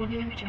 我宁你讲。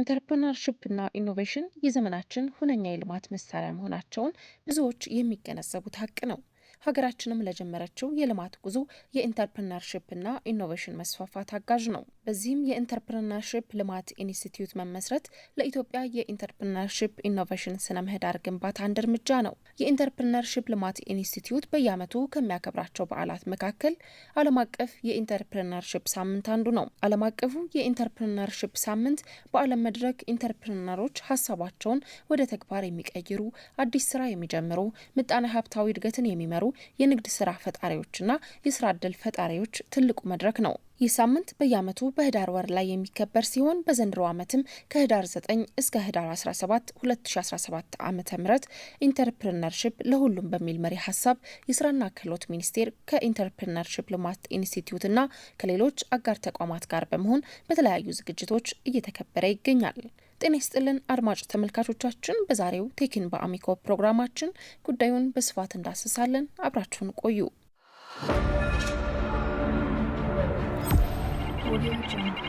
ኢንተርፕረነርሺፕ እና ኢኖቬሽን የዘመናችን ሁነኛ የልማት መሳሪያ መሆናቸውን ብዙዎች የሚገነዘቡት ሀቅ ነው። ሀገራችንም ለጀመረችው የልማት ጉዞ የኢንተርፕረነርሺፕ እና ኢኖቬሽን መስፋፋት አጋዥ ነው። በዚህም የኢንተርፕርነርሽፕ ልማት ኢንስቲትዩት መመስረት ለኢትዮጵያ የኢንተርፕርነርሽፕ ኢኖቬሽን ስነ ምህዳር ግንባታ አንድ እርምጃ ነው። የኢንተርፕርነርሽፕ ልማት ኢንስቲትዩት በየዓመቱ ከሚያከብራቸው በዓላት መካከል ዓለም አቀፍ የኢንተርፕርነርሽፕ ሳምንት አንዱ ነው። ዓለም አቀፉ የኢንተርፕርነርሽፕ ሳምንት በዓለም መድረክ ኢንተርፕርነሮች ሀሳባቸውን ወደ ተግባር የሚቀይሩ፣ አዲስ ስራ የሚጀምሩ፣ ምጣኔ ሀብታዊ እድገትን የሚመሩ የንግድ ስራ ፈጣሪዎችና የስራ እድል ፈጣሪዎች ትልቁ መድረክ ነው። ይህ ሳምንት በየዓመቱ በህዳር ወር ላይ የሚከበር ሲሆን በዘንድሮ ዓመትም ከህዳር 9 እስከ ህዳር 17 2017 ዓ ም ኢንተርፕርነርሽፕ ለሁሉም በሚል መሪ ሀሳብ የስራና ክህሎት ሚኒስቴር ከኢንተርፕርነርሽፕ ልማት እና ከሌሎች አጋር ተቋማት ጋር በመሆን በተለያዩ ዝግጅቶች እየተከበረ ይገኛል። ጤና ይስጥልን አድማጭ ተመልካቾቻችን፣ በዛሬው ቴክን በአሚኮ ፕሮግራማችን ጉዳዩን በስፋት እንዳስሳለን። አብራችሁን ቆዩ። Audio Jungle.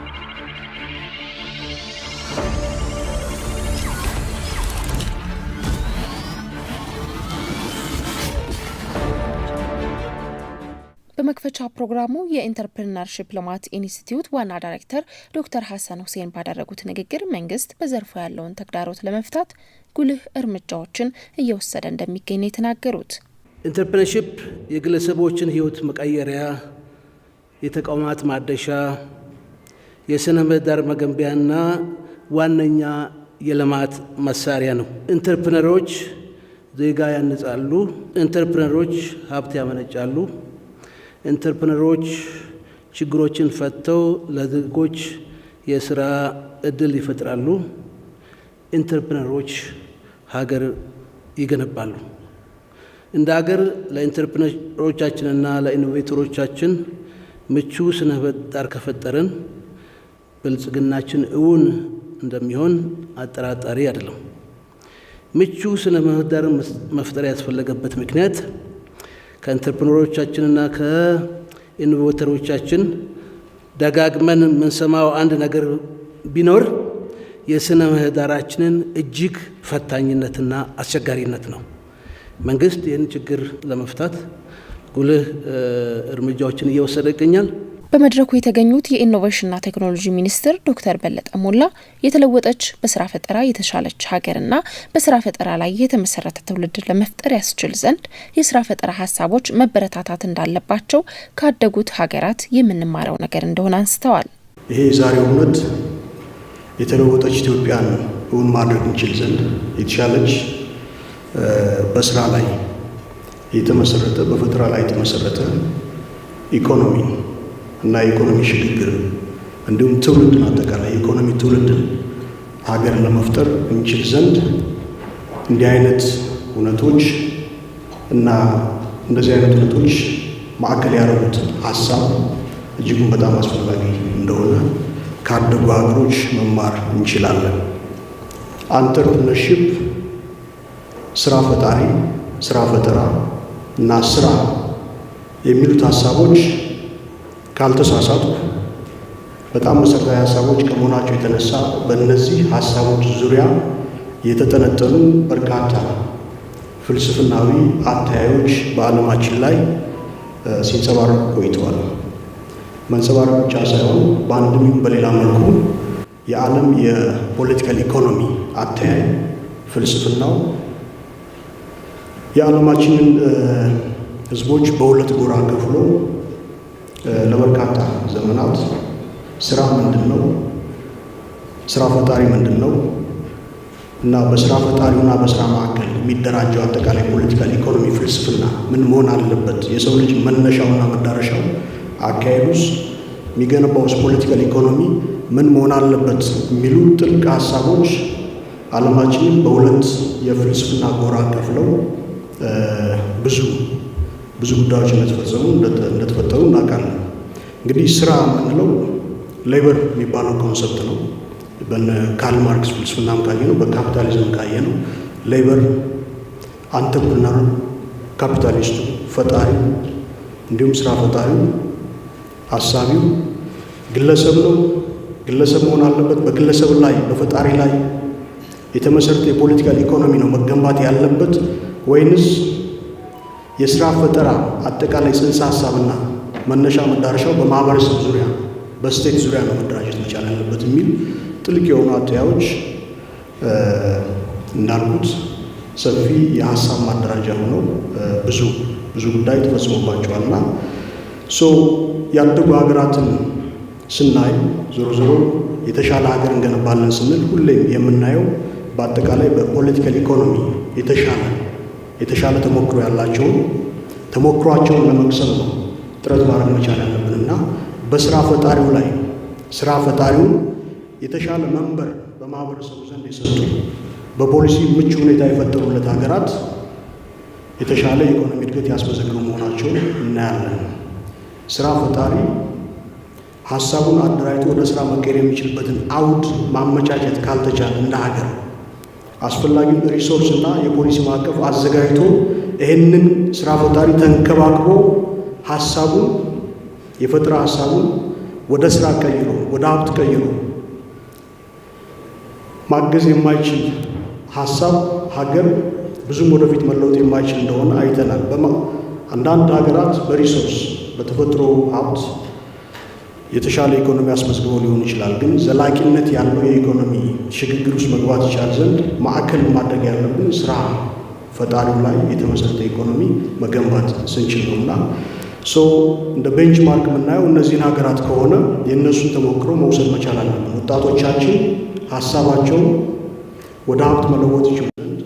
በመክፈቻ ፕሮግራሙ የኢንተርፕርነርሽፕ ልማት ኢንስቲትዩት ዋና ዳይሬክተር ዶክተር ሀሰን ሁሴን ባደረጉት ንግግር መንግስት በዘርፉ ያለውን ተግዳሮት ለመፍታት ጉልህ እርምጃዎችን እየወሰደ እንደሚገኝ የተናገሩት ኢንተርፕርነርሽፕ የግለሰቦችን ህይወት መቀየሪያ የተቋማት ማደሻ፣ የስነ ምህዳር መገንቢያና ዋነኛ የልማት መሳሪያ ነው። ኢንተርፕነሮች ዜጋ ያንጻሉ። ኢንተርፕነሮች ሀብት ያመነጫሉ። ኢንተርፕነሮች ችግሮችን ፈተው ለዜጎች የስራ እድል ይፈጥራሉ። ኢንተርፕነሮች ሀገር ይገነባሉ። እንደ ሀገር ለኢንተርፕነሮቻችንና ለኢኖቬተሮቻችን ምቹ ስነ ምህዳር ከፈጠርን ብልጽግናችን እውን እንደሚሆን አጠራጣሪ አይደለም። ምቹ ስነ ምህዳር መፍጠር ያስፈለገበት ምክንያት ከኢንተርፕረነሮቻችንና ከኢኖቬተሮቻችን ደጋግመን የምንሰማው አንድ ነገር ቢኖር የስነ ምህዳራችንን እጅግ ፈታኝነትና አስቸጋሪነት ነው። መንግስት ይህን ችግር ለመፍታት ጉልህ እርምጃዎችን እየወሰደ ይገኛል። በመድረኩ የተገኙት የኢኖቬሽንና ቴክኖሎጂ ሚኒስትር ዶክተር በለጠ ሞላ የተለወጠች በስራ ፈጠራ የተሻለች ሀገርና በስራ ፈጠራ ላይ የተመሰረተ ትውልድ ለመፍጠር ያስችል ዘንድ የስራ ፈጠራ ሀሳቦች መበረታታት እንዳለባቸው ካደጉት ሀገራት የምንማረው ነገር እንደሆነ አንስተዋል። ይሄ የዛሬው እውነት የተለወጠች ኢትዮጵያን እውን ማድረግ እንችል ዘንድ የተሻለች በስራ ላይ የተመሰረተ በፈጠራ ላይ የተመሰረተ ኢኮኖሚ እና የኢኮኖሚ ሽግግር እንዲሁም ትውልድን አጠቃላይ የኢኮኖሚ ትውልድን ሀገር ለመፍጠር እንችል ዘንድ እንዲህ አይነት እውነቶች እና እንደዚህ አይነት እውነቶች ማዕከል ያደረጉት ሀሳብ እጅጉን በጣም አስፈላጊ እንደሆነ ካደጉ ሀገሮች መማር እንችላለን። አንተርፕነርሺፕ ስራ ፈጣሪ ስራ ፈጠራ እና ስራ የሚሉት ሀሳቦች ካልተሳሳቱ በጣም መሰረታዊ ሀሳቦች ከመሆናቸው የተነሳ በእነዚህ ሀሳቦች ዙሪያ የተጠነጠኑ በርካታ ፍልስፍናዊ አተያዮች በዓለማችን ላይ ሲንጸባረቁ ቆይተዋል። መንጸባረቅ ብቻ ሳይሆን በአንድም ይሁን በሌላ መልኩ የዓለም የፖለቲካል ኢኮኖሚ አተያይ ፍልስፍናው የዓለማችንን ህዝቦች በሁለት ጎራ ከፍሎ ለበርካታ ዘመናት ስራ ምንድን ነው፣ ስራ ፈጣሪ ምንድን ነው እና በስራ ፈጣሪውና በስራ መካከል የሚደራጀው አጠቃላይ ፖለቲካል ኢኮኖሚ ፍልስፍና ምን መሆን አለበት፣ የሰው ልጅ መነሻውና መዳረሻው አካሄዱስ የሚገነባውስ ፖለቲካል ኢኮኖሚ ምን መሆን አለበት የሚሉ ጥልቅ ሀሳቦች ዓለማችንን በሁለት የፍልስፍና ጎራ ከፍለው ብዙ ብዙ ጉዳዮች እንደተፈጸሙ እንደተፈጠሩ እናውቃለን። እንግዲህ ስራ የምንለው ሌበር የሚባለው ኮንሰፕት ነው። ካርል ማርክስ ፍልስፍናም ካየ ነው፣ በካፒታሊዝም ካየ ነው። ሌበር አንተርፕርነሩ፣ ካፒታሊስቱ፣ ፈጣሪው እንዲሁም ስራ ፈጣሪው አሳቢው ግለሰብ ነው። ግለሰብ መሆን አለበት። በግለሰብ ላይ በፈጣሪ ላይ የተመሰረተ የፖለቲካል ኢኮኖሚ ነው መገንባት ያለበት። ወይንስ የስራ ፈጠራ አጠቃላይ ጽንሰ ሀሳብና መነሻ መዳረሻው በማህበረሰብ ዙሪያ በስቴት ዙሪያ ነው መደራጀት መቻል ያለበት የሚል ጥልቅ የሆኑ አተያዎች እንዳልኩት ሰፊ የሀሳብ ማደራጃ ሆነው ብዙ ብዙ ጉዳይ እና ሶ ያደጉ ሀገራትን ስናይ ዞሮ ዞሮ የተሻለ ሀገር እንገነባለን ስንል ሁሌም የምናየው በአጠቃላይ በፖለቲካል ኢኮኖሚ የተሻለ የተሻለ ተሞክሮ ያላቸውን ተሞክሯቸውን ለመቅሰም ነው ጥረት ማድረግ መቻል ያለብን እና በስራ ፈጣሪው ላይ ስራ ፈጣሪው የተሻለ መንበር በማህበረሰቡ ዘንድ የሰጡ በፖሊሲ ምቹ ሁኔታ የፈጠሩለት ሀገራት የተሻለ የኢኮኖሚ እድገት ያስመዘግቡ መሆናቸውን እናያለን። ስራ ፈጣሪ ሀሳቡን አደራጅቶ ወደ ስራ መቀየር የሚችልበትን አውድ ማመቻቸት ካልተቻለ እንደ ሀገር አስፈላጊውን ሪሶርስ እና የፖሊሲ ማዕቀፍ አዘጋጅቶ ይህንን ስራ ፈጣሪ ተንከባክቦ ሀሳቡን የፈጠራ ሀሳቡን ወደ ስራ ቀይሮ ወደ ሀብት ቀይሮ ማገዝ የማይችል ሀሳብ ሀገር ብዙም ወደፊት መለወጥ የማይችል እንደሆነ አይተናል። አንዳንድ ሀገራት በሪሶርስ በተፈጥሮ ሀብት የተሻለ ኢኮኖሚ አስመዝግቦ ሊሆን ይችላል። ግን ዘላቂነት ያለው የኢኮኖሚ ሽግግር ውስጥ መግባት ይቻል ዘንድ ማዕከል ማድረግ ያለብን ስራ ፈጣሪው ላይ የተመሰረተ ኢኮኖሚ መገንባት ስንችል ነው እና ሶ እንደ ቤንችማርክ የምናየው እነዚህን ሀገራት ከሆነ የእነሱን ተሞክሮ መውሰድ መቻል አለብን። ወጣቶቻችን ሀሳባቸው ወደ ሀብት መለወጥ ይችሉ ዘንድ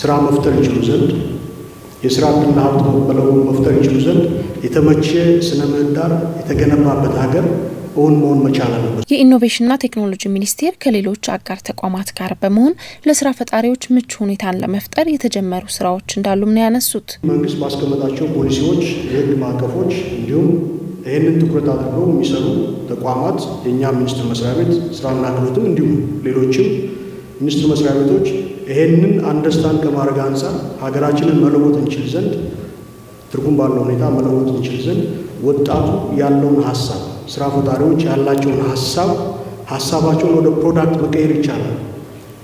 ስራ መፍጠር ይችሉ ዘንድ የስራና ሀብት መበለውን መፍጠር ይችሉ ዘንድ የተመቸ ስነ ምህዳር የተገነባበት ሀገር እውን መሆን መቻል አለበት። የኢኖቬሽንና ቴክኖሎጂ ሚኒስቴር ከሌሎች አጋር ተቋማት ጋር በመሆን ለስራ ፈጣሪዎች ምቹ ሁኔታን ለመፍጠር የተጀመሩ ስራዎች እንዳሉም ነው ያነሱት። መንግስት ባስቀመጣቸው ፖሊሲዎች፣ የህግ ማዕቀፎች እንዲሁም ይህንን ትኩረት አድርገው የሚሰሩ ተቋማት የእኛ ሚኒስቴር መስሪያ ቤት ስራና ክህሎትም እንዲሁም ሌሎችም ሚኒስትር መስሪያ ቤቶች ይሄንን አንደርስታንድ ከማድረግ አንጻር ሀገራችንን መለወጥ እንችል ዘንድ ትርጉም ባለው ሁኔታ መለወጥ እንችል ዘንድ ወጣቱ ያለውን ሀሳብ ስራ ፈጣሪዎች ያላቸውን ሀሳብ ሀሳባቸውን ወደ ፕሮዳክት መቀየር ይቻላል፣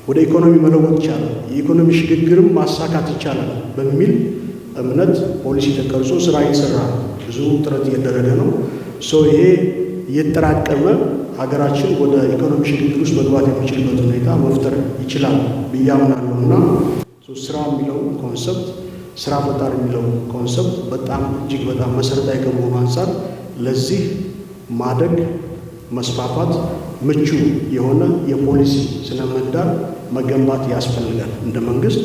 ወደ ኢኮኖሚ መለወጥ ይቻላል፣ የኢኮኖሚ ሽግግርም ማሳካት ይቻላል በሚል እምነት ፖሊሲ ተቀርጾ ስራ እየተሰራ ብዙ ጥረት እየደረገ ነው። ሶ ይሄ እየተጠራቀመ ሀገራችን ወደ ኢኮኖሚ ሽግግር ውስጥ መግባት የሚችልበት ሁኔታ መፍጠር ይችላል ብያምናለሁ እና ስራ የሚለው ኮንሰፕት ስራ ፈጣር የሚለው ኮንሰፕት በጣም እጅግ በጣም መሰረታዊ ከመሆኑ አንጻር ለዚህ ማደግ መስፋፋት ምቹ የሆነ የፖሊሲ ስነ ምህዳር መገንባት ያስፈልጋል እንደ መንግስት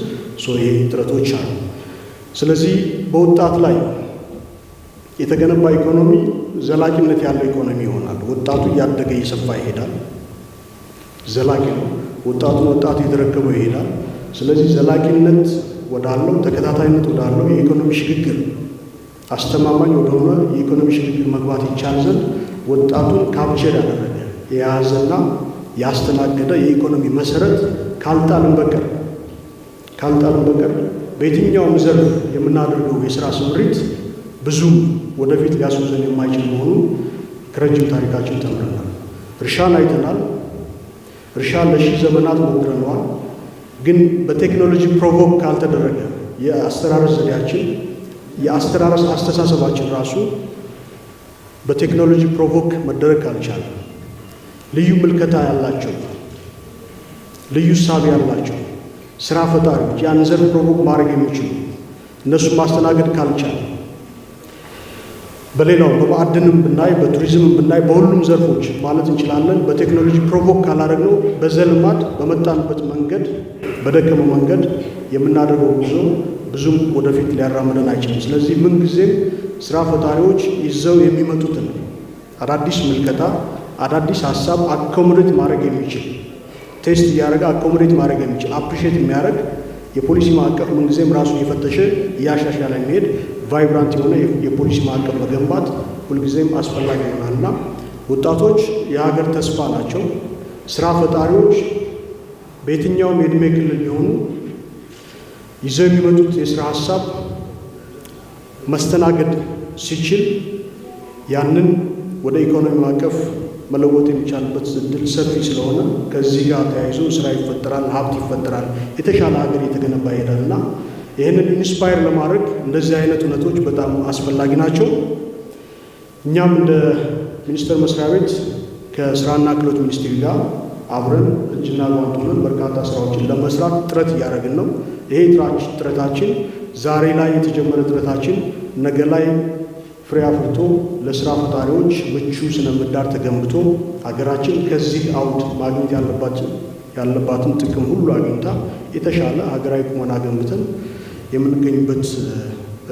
ይሄ ጥረቶች አሉ። ስለዚህ በወጣት ላይ የተገነባ ኢኮኖሚ ዘላቂነት ያለው ኢኮኖሚ ይሆናል። ወጣቱ እያደገ እየሰፋ ይሄዳል። ዘላቂ ነው። ወጣቱን ወጣቱ የተረከበው ይሄዳል። ስለዚህ ዘላቂነት ወዳለው ተከታታይነት ወዳለው የኢኮኖሚ ሽግግር አስተማማኝ ወደሆነ የኢኮኖሚ ሽግግር መግባት ይቻል ዘንድ ወጣቱን ካፕቸር ያደረገ የያዘና ያስተናገደ የኢኮኖሚ መሰረት ካልጣልን በቀር ካልጣልን በቀር በየትኛውም ዘርፍ የምናደርገው የስራ ስምሪት ብዙ ወደፊት ሊያስወዘን የማይችል መሆኑ ከረጅም ታሪካችን ተምረናል። እርሻን አይተናል። እርሻን ለሺህ ዘመናት ሞክረነዋል። ግን በቴክኖሎጂ ፕሮቮክ ካልተደረገ የአስተራረስ ዘዴያችን የአስተራረስ አስተሳሰባችን ራሱ በቴክኖሎጂ ፕሮቮክ መደረግ ካልቻለ ልዩ ምልከታ ያላቸው ልዩ ሳቢ ያላቸው ስራ ፈጣሪዎች ያን ዘር ፕሮቮክ ማድረግ የሚችሉ እነሱን ማስተናገድ ካልቻለ በሌላው በማዕድንም ብናይ በቱሪዝምም ብናይ በሁሉም ዘርፎች ማለት እንችላለን። በቴክኖሎጂ ፕሮቮክ ካላደረግነው በዘልማድ በመጣንበት መንገድ በደከመ መንገድ የምናደርገው ጉዞ ብዙም ወደፊት ሊያራምደን አይችልም። ስለዚህ ምንጊዜም ስራ ፈጣሪዎች ይዘው የሚመጡትን አዳዲስ ምልከታ፣ አዳዲስ ሀሳብ አኮሞዴት ማድረግ የሚችል ቴስት እያደረገ አኮሞዴት ማድረግ የሚችል አፕሪሼት የሚያደርግ የፖሊሲ ማዕቀፍ ምንጊዜም ራሱ እየፈተሸ እያሻሻለ የሚሄድ ቫይብራንት የሆነ የፖሊሲ ማዕቀፍ መገንባት ሁልጊዜም አስፈላጊ ይሆናል እና ወጣቶች የሀገር ተስፋ ናቸው። ስራ ፈጣሪዎች በየትኛውም የእድሜ ክልል የሆኑ ይዘው የሚመጡት የስራ ሀሳብ መስተናገድ ሲችል ያንን ወደ ኢኮኖሚ ማዕቀፍ መለወጥ የሚቻልበት እድል ሰፊ ስለሆነ ከዚህ ጋር ተያይዞ ስራ ይፈጠራል፣ ሀብት ይፈጠራል፣ የተሻለ ሀገር እየተገነባ ይሄዳል እና ይህንን ኢንስፓየር ለማድረግ እንደዚህ አይነት እውነቶች በጣም አስፈላጊ ናቸው። እኛም እንደ ሚኒስቴር መስሪያ ቤት ከስራና ክህሎት ሚኒስቴር ጋር አብረን እጅና ጓንት ሆነን በርካታ ስራዎችን ለመስራት ጥረት እያደረግን ነው። ይሄ ጥረታችን ዛሬ ላይ የተጀመረ ጥረታችን ነገ ላይ ፍሬ አፍርቶ ለስራ ፈጣሪዎች ምቹ ስነ ምህዳር ተገንብቶ ሀገራችን ከዚህ አውድ ማግኘት ያለባትን ጥቅም ሁሉ አግኝታ የተሻለ ሀገራዊ ቁመና ገንብተን የምንገኝበት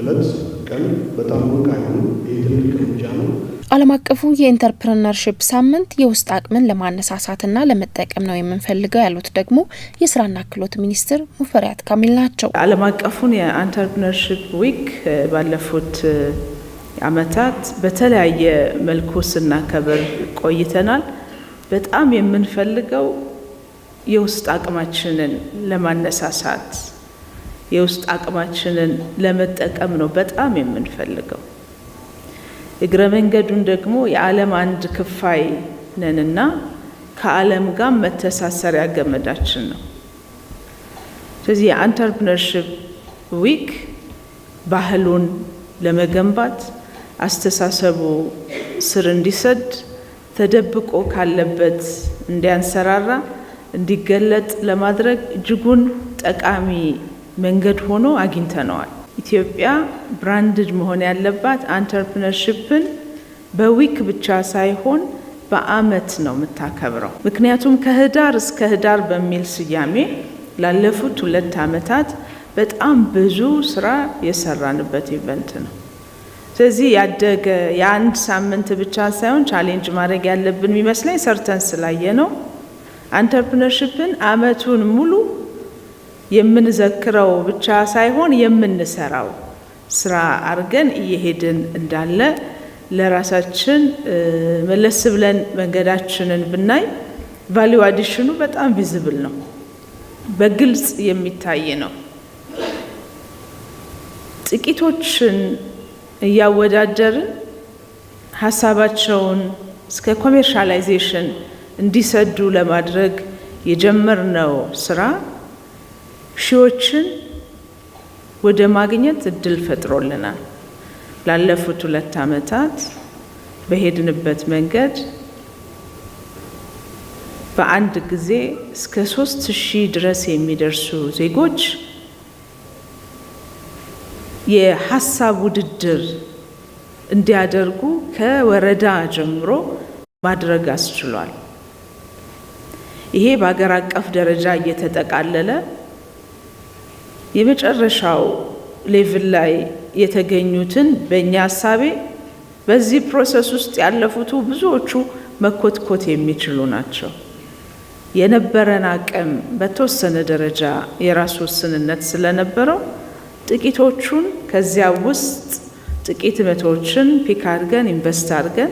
እለት ቀን በጣም ወቅ አይሆንም። ይህ ትልቅ እርምጃ ነው። ዓለም አቀፉ የኢንተርፕረነርሽፕ ሳምንት የውስጥ አቅምን ለማነሳሳትና ለመጠቀም ነው የምንፈልገው ያሉት ደግሞ የስራና ክህሎት ሚኒስትር ሙፈሪያት ካሚል ናቸው። ዓለም አቀፉን የኢንተርፕረነርሽፕ ዊክ ባለፉት ዓመታት በተለያየ መልኩ ስናከብር ቆይተናል። በጣም የምንፈልገው የውስጥ አቅማችንን ለማነሳሳት የውስጥ አቅማችንን ለመጠቀም ነው በጣም የምንፈልገው። እግረ መንገዱን ደግሞ የዓለም አንድ ክፋይ ነንና ከዓለም ጋር መተሳሰሪያ ገመዳችን ነው። ስለዚህ የአንተርፕነርሽፕ ዊክ ባህሉን ለመገንባት አስተሳሰቡ ስር እንዲሰድ ተደብቆ ካለበት እንዲያንሰራራ እንዲገለጥ ለማድረግ እጅጉን ጠቃሚ መንገድ ሆኖ አግኝተነዋል። ኢትዮጵያ ብራንድድ መሆን ያለባት አንተርፕነርሽፕን በዊክ ብቻ ሳይሆን በአመት ነው የምታከብረው። ምክንያቱም ከህዳር እስከ ህዳር በሚል ስያሜ ላለፉት ሁለት አመታት በጣም ብዙ ስራ የሰራንበት ኢቨንት ነው። ስለዚህ ያደገ የአንድ ሳምንት ብቻ ሳይሆን ቻሌንጅ ማድረግ ያለብን የሚመስለኝ ሰርተን ስላየ ነው። አንተርፕነርሽፕን አመቱን ሙሉ የምንዘክረው ብቻ ሳይሆን የምንሰራው ስራ አድርገን እየሄድን እንዳለ ለራሳችን መለስ ብለን መንገዳችንን ብናይ ቫሊዩ አዲሽኑ በጣም ቪዝብል ነው፣ በግልጽ የሚታይ ነው። ጥቂቶችን እያወዳደርን ሀሳባቸውን እስከ ኮሜርሻላይዜሽን እንዲሰዱ ለማድረግ የጀመርነው ስራ ሺዎችን ወደ ማግኘት እድል ፈጥሮልናል። ላለፉት ሁለት ዓመታት በሄድንበት መንገድ በአንድ ጊዜ እስከ ሶስት ሺህ ድረስ የሚደርሱ ዜጎች የሀሳብ ውድድር እንዲያደርጉ ከወረዳ ጀምሮ ማድረግ አስችሏል። ይሄ በሀገር አቀፍ ደረጃ እየተጠቃለለ የመጨረሻው ሌቭል ላይ የተገኙትን በእኛ ሀሳቤ በዚህ ፕሮሰስ ውስጥ ያለፉቱ ብዙዎቹ መኮትኮት የሚችሉ ናቸው። የነበረን አቅም በተወሰነ ደረጃ የራስ ወስንነት ስለነበረው ጥቂቶቹን ከዚያ ውስጥ ጥቂት መቶዎችን ፒክ አድርገን ኢንቨስት አድርገን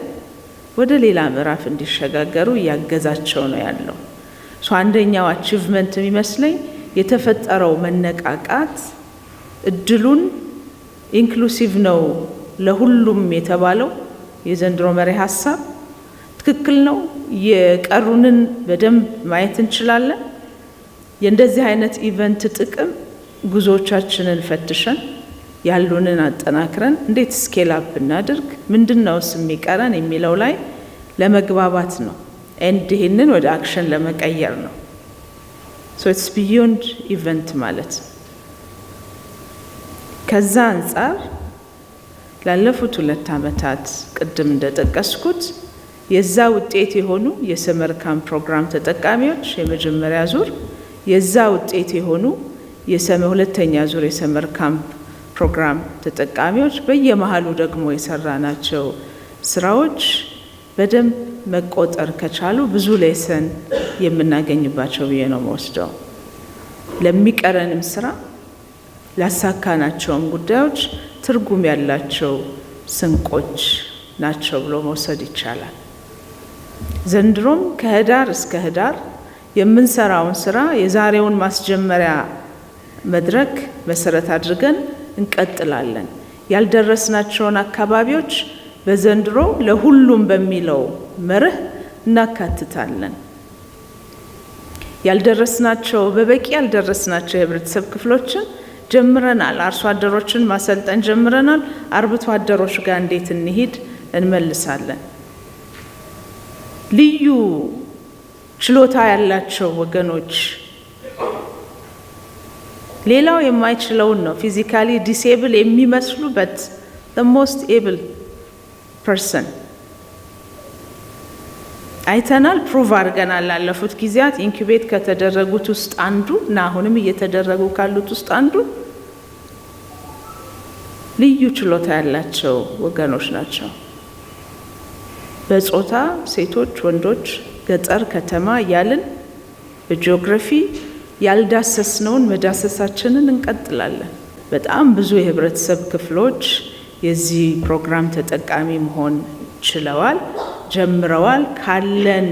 ወደ ሌላ ምዕራፍ እንዲሸጋገሩ እያገዛቸው ነው ያለው። አንደኛው አቺቭመንት የሚመስለኝ የተፈጠረው መነቃቃት እድሉን ኢንክሉሲቭ ነው ለሁሉም የተባለው የዘንድሮ መሪ ሀሳብ ትክክል ነው። የቀሩንን በደንብ ማየት እንችላለን። የእንደዚህ አይነት ኢቨንት ጥቅም ጉዞዎቻችንን ፈትሸን ያሉንን አጠናክረን እንዴት ስኬል አፕ እናድርግ፣ ምንድን ነው የሚቀረን የሚለው ላይ ለመግባባት ነው ኤንድ ይህንን ወደ አክሽን ለመቀየር ነው። ሶ ኢትስ ቢዮንድ ኢቨንት ማለት ነው። ከዛ አንጻር ላለፉት ሁለት ዓመታት ቅድም እንደጠቀስኩት የዛ ውጤት የሆኑ የሰመርካም ፕሮግራም ተጠቃሚዎች የመጀመሪያ ዙር የዛ ውጤት የሆኑ ሁለተኛ ዙር የሰመር ካምፕ ፕሮግራም ተጠቃሚዎች በየመሀሉ ደግሞ የሰራናቸው ስራዎች በደንብ መቆጠር ከቻሉ ብዙ ሌሰን የምናገኝባቸው ብዬ ነው መወስደው። ለሚቀረንም ስራ ላሳካናቸውም ጉዳዮች ትርጉም ያላቸው ስንቆች ናቸው ብሎ መውሰድ ይቻላል። ዘንድሮም ከህዳር እስከ ህዳር የምንሰራውን ስራ የዛሬውን ማስጀመሪያ መድረክ መሰረት አድርገን እንቀጥላለን። ያልደረስናቸውን አካባቢዎች በዘንድሮ ለሁሉም በሚለው መርህ እናካትታለን። ያልደረስናቸው በበቂ ያልደረስናቸው የህብረተሰብ ክፍሎችን ጀምረናል። አርሶ አደሮችን ማሰልጠን ጀምረናል። አርብቶ አደሮች ጋር እንዴት እንሂድ እንመልሳለን። ልዩ ችሎታ ያላቸው ወገኖች ሌላው የማይችለውን ነው ፊዚካሊ ዲስኤብል የሚመስሉበት ሞስት ኤብል ፐርሰን አይተናል፣ ፕሩቭ አድርገናል። ላለፉት ጊዜያት ኢንኩቤት ከተደረጉት ውስጥ አንዱ እና አሁንም እየተደረጉ ካሉት ውስጥ አንዱ ልዩ ችሎታ ያላቸው ወገኖች ናቸው። በጾታ ሴቶች፣ ወንዶች፣ ገጠር፣ ከተማ እያልን በጂኦግራፊ ያልዳሰስነውን መዳሰሳችንን እንቀጥላለን። በጣም ብዙ የህብረተሰብ ክፍሎች የዚህ ፕሮግራም ተጠቃሚ መሆን ችለዋል፣ ጀምረዋል። ካለን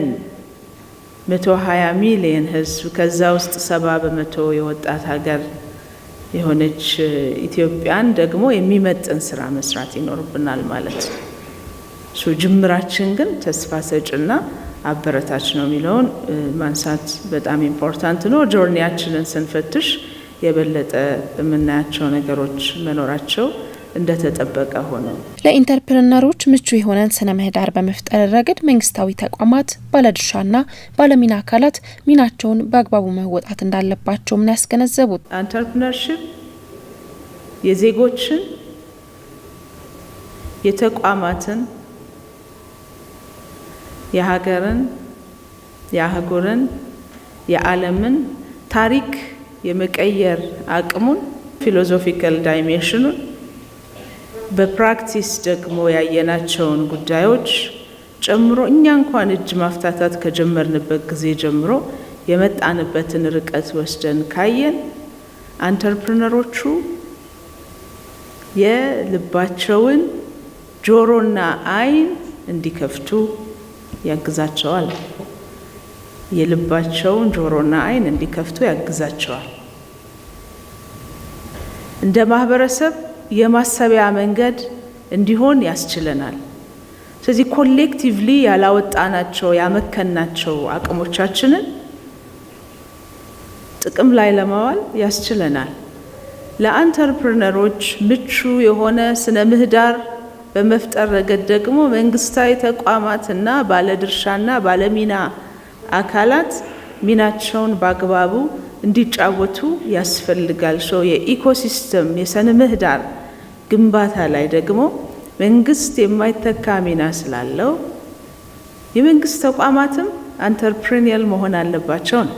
120 ሚሊየን ህዝብ ከዛ ውስጥ ሰባ በመቶ የወጣት ሀገር የሆነች ኢትዮጵያን ደግሞ የሚመጥን ስራ መስራት ይኖርብናል ማለት ነው። ጅምራችን ግን ተስፋ ሰጭና አበረታች ነው የሚለውን ማንሳት በጣም ኢምፖርታንት ነው። ጆርኒያችንን ስንፈትሽ የበለጠ የምናያቸው ነገሮች መኖራቸው እንደተጠበቀ ሆኖ ለኢንተርፕርነሮች ምቹ የሆነን ስነ ምህዳር በመፍጠር ረገድ መንግስታዊ ተቋማት ባለድርሻና ባለሚና አካላት ሚናቸውን በአግባቡ መወጣት እንዳለባቸውም ነው ያስገነዘቡት። አንተርፕረነርሽፕ የዜጎችን የተቋማትን የሀገርን፣ የአህጉርን፣ የዓለምን ታሪክ የመቀየር አቅሙን ፊሎዞፊካል ዳይሜንሽኑን በፕራክቲስ ደግሞ ያየናቸውን ጉዳዮች ጨምሮ እኛ እንኳን እጅ ማፍታታት ከጀመርንበት ጊዜ ጀምሮ የመጣንበትን ርቀት ወስደን ካየን አንተርፕርነሮቹ የልባቸውን ጆሮና አይን እንዲከፍቱ ያግዛቸዋል። የልባቸውን ጆሮና አይን እንዲከፍቱ ያግዛቸዋል። እንደ ማህበረሰብ የማሰቢያ መንገድ እንዲሆን ያስችለናል። ስለዚህ ኮሌክቲቭሊ ያላወጣናቸው ያመከናቸው አቅሞቻችንን ጥቅም ላይ ለማዋል ያስችለናል። ለአንተርፕርነሮች ምቹ የሆነ ስነ ምህዳር በመፍጠር ረገድ ደግሞ መንግስታዊ ተቋማትና ባለድርሻና ባለሚና አካላት ሚናቸውን በአግባቡ እንዲጫወቱ ያስፈልጋል። ሶ የኢኮሲስተም የሰንምህዳር ምህዳር ግንባታ ላይ ደግሞ መንግስት የማይተካ ሚና ስላለው የመንግስት ተቋማትም አንተርፕሬኒየል መሆን አለባቸው ነው።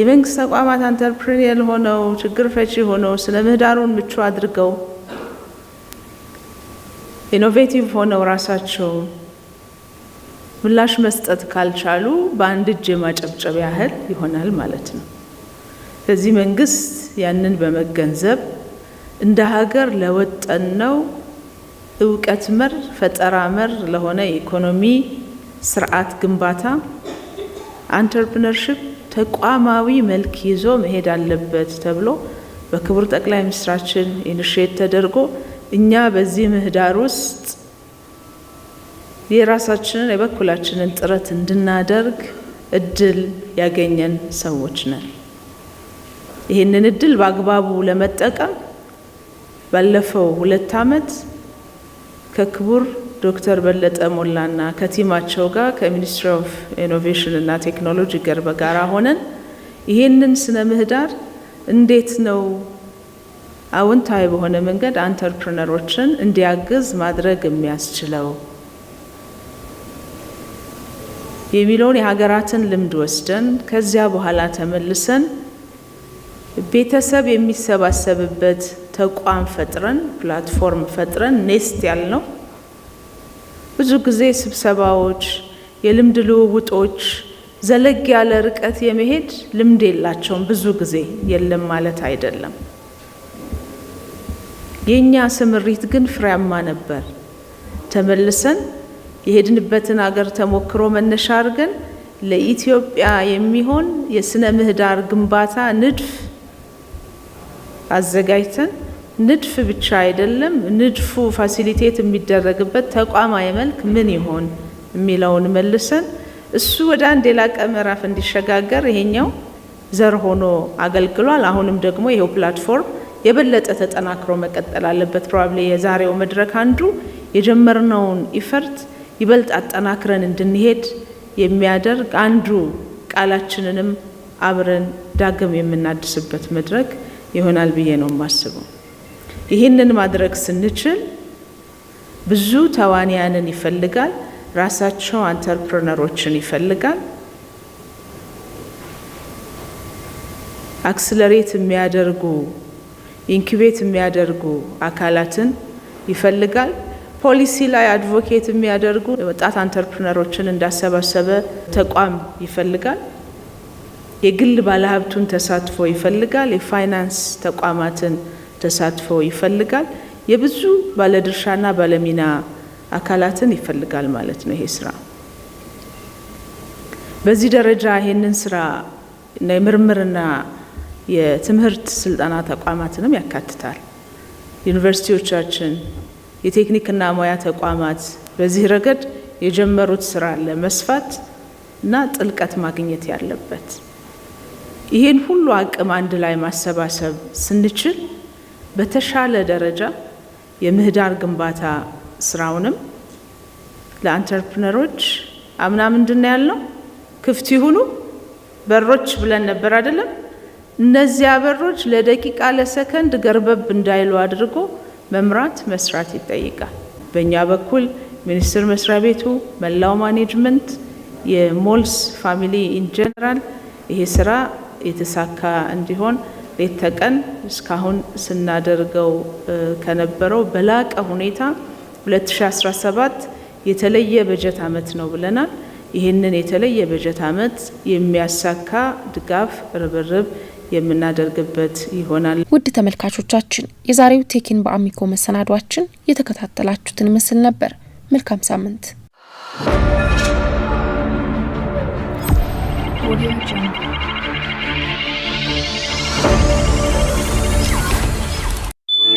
የመንግስት ተቋማት አንተርፕሪኒየል ሆነው ችግር ፈቺ ሆነው ስነ ምህዳሩን ምቹ አድርገው ኢኖቬቲቭ ሆነው ራሳቸው ምላሽ መስጠት ካልቻሉ በአንድ እጅ የማጨብጨብ ያህል ይሆናል ማለት ነው። ስለዚህ መንግስት ያንን በመገንዘብ እንደ ሀገር ለወጠነው እውቀት መር ፈጠራ መር ለሆነ የኢኮኖሚ ስርዓት ግንባታ አንተርፕነርሽፕ ተቋማዊ መልክ ይዞ መሄድ አለበት ተብሎ በክቡር ጠቅላይ ሚኒስትራችን ኢኒሼት ተደርጎ እኛ በዚህ ምህዳር ውስጥ የራሳችንን የበኩላችንን ጥረት እንድናደርግ እድል ያገኘን ሰዎች ነን። ይህንን እድል በአግባቡ ለመጠቀም ባለፈው ሁለት ዓመት ከክቡር ዶክተር በለጠ ሞላና ከቲማቸው ጋር ከሚኒስትሪ ኦፍ ኢኖቬሽን እና ቴክኖሎጂ ጋር በጋራ ሆነን ይህንን ስነ ምህዳር እንዴት ነው አውንታዊ በሆነ መንገድ አንተርፕርነሮችን እንዲያግዝ ማድረግ የሚያስችለው የሚለውን የሀገራትን ልምድ ወስደን ከዚያ በኋላ ተመልሰን ቤተሰብ የሚሰባሰብበት ተቋም ፈጥረን ፕላትፎርም ፈጥረን ኔስት ያልነው ብዙ ጊዜ ስብሰባዎች፣ የልምድ ልውውጦች ዘለግ ያለ ርቀት የመሄድ ልምድ የላቸውም። ብዙ ጊዜ የለም ማለት አይደለም። የእኛ ስምሪት ግን ፍሬያማ ነበር። ተመልሰን የሄድንበትን አገር ተሞክሮ መነሻ አድርገን ለኢትዮጵያ የሚሆን የስነ ምህዳር ግንባታ ንድፍ አዘጋጅተን ንድፍ ብቻ አይደለም፣ ንድፉ ፋሲሊቴት የሚደረግበት ተቋማዊ መልክ ምን ይሆን የሚለውን መልሰን እሱ ወደ አንድ የላቀ ምዕራፍ እንዲሸጋገር ይሄኛው ዘር ሆኖ አገልግሏል። አሁንም ደግሞ ይሄው ፕላትፎርም የበለጠ ተጠናክሮ መቀጠል አለበት። ፕሮባብሊ የዛሬው መድረክ አንዱ የጀመርነውን ኢፈርት ይበልጥ አጠናክረን እንድንሄድ የሚያደርግ አንዱ ቃላችንንም አብረን ዳግም የምናድስበት መድረክ ይሆናል ብዬ ነው የማስበው። ይህንን ማድረግ ስንችል ብዙ ተዋንያንን ይፈልጋል፣ ራሳቸው አንተርፕረነሮችን ይፈልጋል። አክስለሬት የሚያደርጉ ኢንኩቤት የሚያደርጉ አካላትን ይፈልጋል። ፖሊሲ ላይ አድቮኬት የሚያደርጉ ወጣት አንተርፕረነሮችን እንዳሰባሰበ ተቋም ይፈልጋል። የግል ባለሀብቱን ተሳትፎ ይፈልጋል። የፋይናንስ ተቋማትን ተሳትፎ ይፈልጋል። የብዙ ባለድርሻና ባለሚና አካላትን ይፈልጋል ማለት ነው ይሄ ስራ። በዚህ ደረጃ ይህንን ስራ የምርምርና የትምህርት ስልጠና ተቋማትንም ያካትታል። ዩኒቨርሲቲዎቻችን፣ የቴክኒክና ሙያ ተቋማት በዚህ ረገድ የጀመሩት ስራ ለመስፋት እና ጥልቀት ማግኘት ያለበት ይህን ሁሉ አቅም አንድ ላይ ማሰባሰብ ስንችል በተሻለ ደረጃ የምህዳር ግንባታ ስራውንም ለአንተርፕነሮች አምና ምንድን ነው ያልነው? ክፍት ይሁኑ በሮች ብለን ነበር አይደለም? እነዚያ በሮች ለደቂቃ ለሰከንድ ገርበብ እንዳይሉ አድርጎ መምራት መስራት ይጠይቃል። በእኛ በኩል ሚኒስቴር መስሪያ ቤቱ፣ መላው ማኔጅመንት፣ የሞልስ ፋሚሊ ኢንጀነራል ይሄ ስራ የተሳካ እንዲሆን ሌት ተቀን እስካሁን ስናደርገው ከነበረው በላቀ ሁኔታ 2017 የተለየ በጀት ዓመት ነው ብለናል። ይህንን የተለየ በጀት ዓመት የሚያሳካ ድጋፍ ርብርብ የምናደርግበት ይሆናል። ውድ ተመልካቾቻችን የዛሬው ቴኪን በአሚኮ መሰናዷችን የተከታተላችሁትን ይመስል ነበር። መልካም ሳምንት።